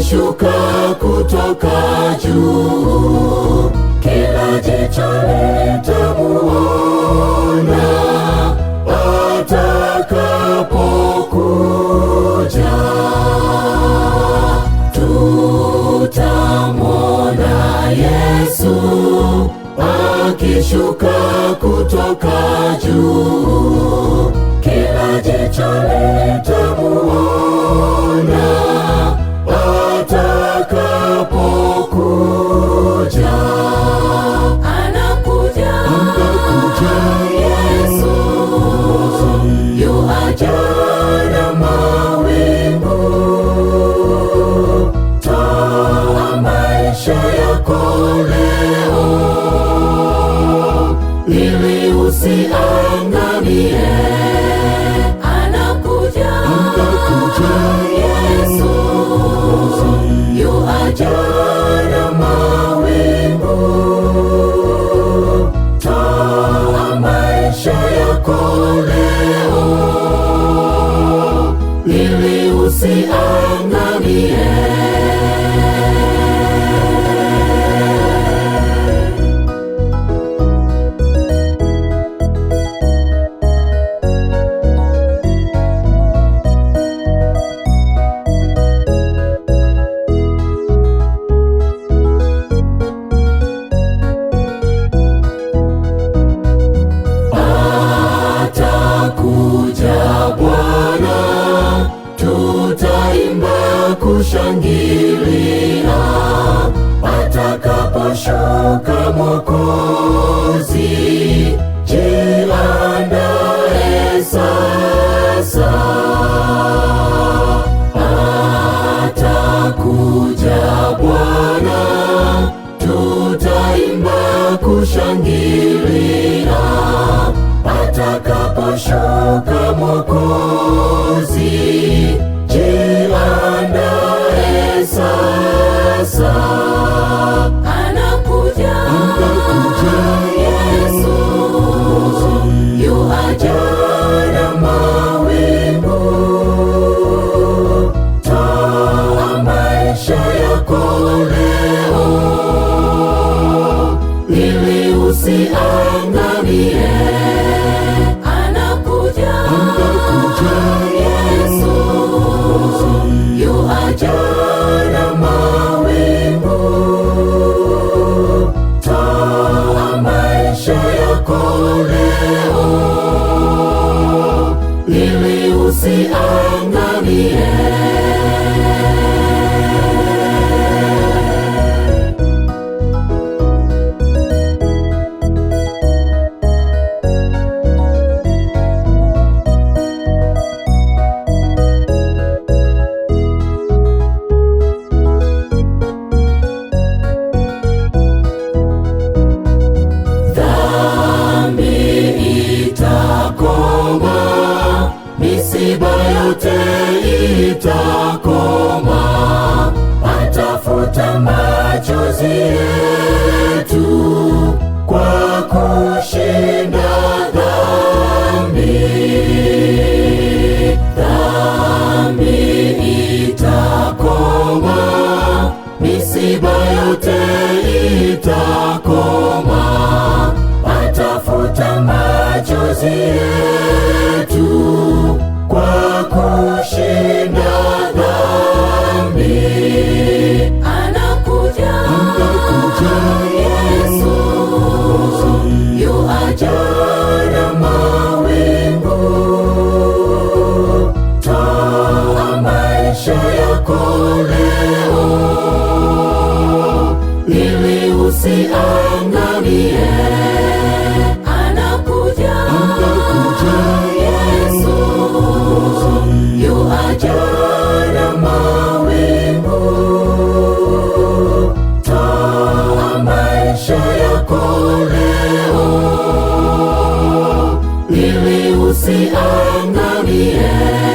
ameshuka kutoka juu, kila jicho litamuona atakapokuja, tutamwona Yesu akishuka kutoka juu, kila jicho litamuona macho yako leo ili usiangamie. Anakuja, anakuja Yesu yuaja na mawingu. Toa maisha yako Bwana tutaimba kushangilia, atakaposhuka Mwokozi. Jiandae sasa, atakuja Bwana, tutaimba kushangilia tusiangamie. Misiba yote itakoma, atafuta machozi yetu kwa kushinda dhambi. Dhambi itakoma, misiba yote itakoma, atafuta machozi yetu kwa kushinda dhambi. Anakuja, anakuja Yesu yu ajana mawingu, toa maisha yako leo ili usiangamie. angamie.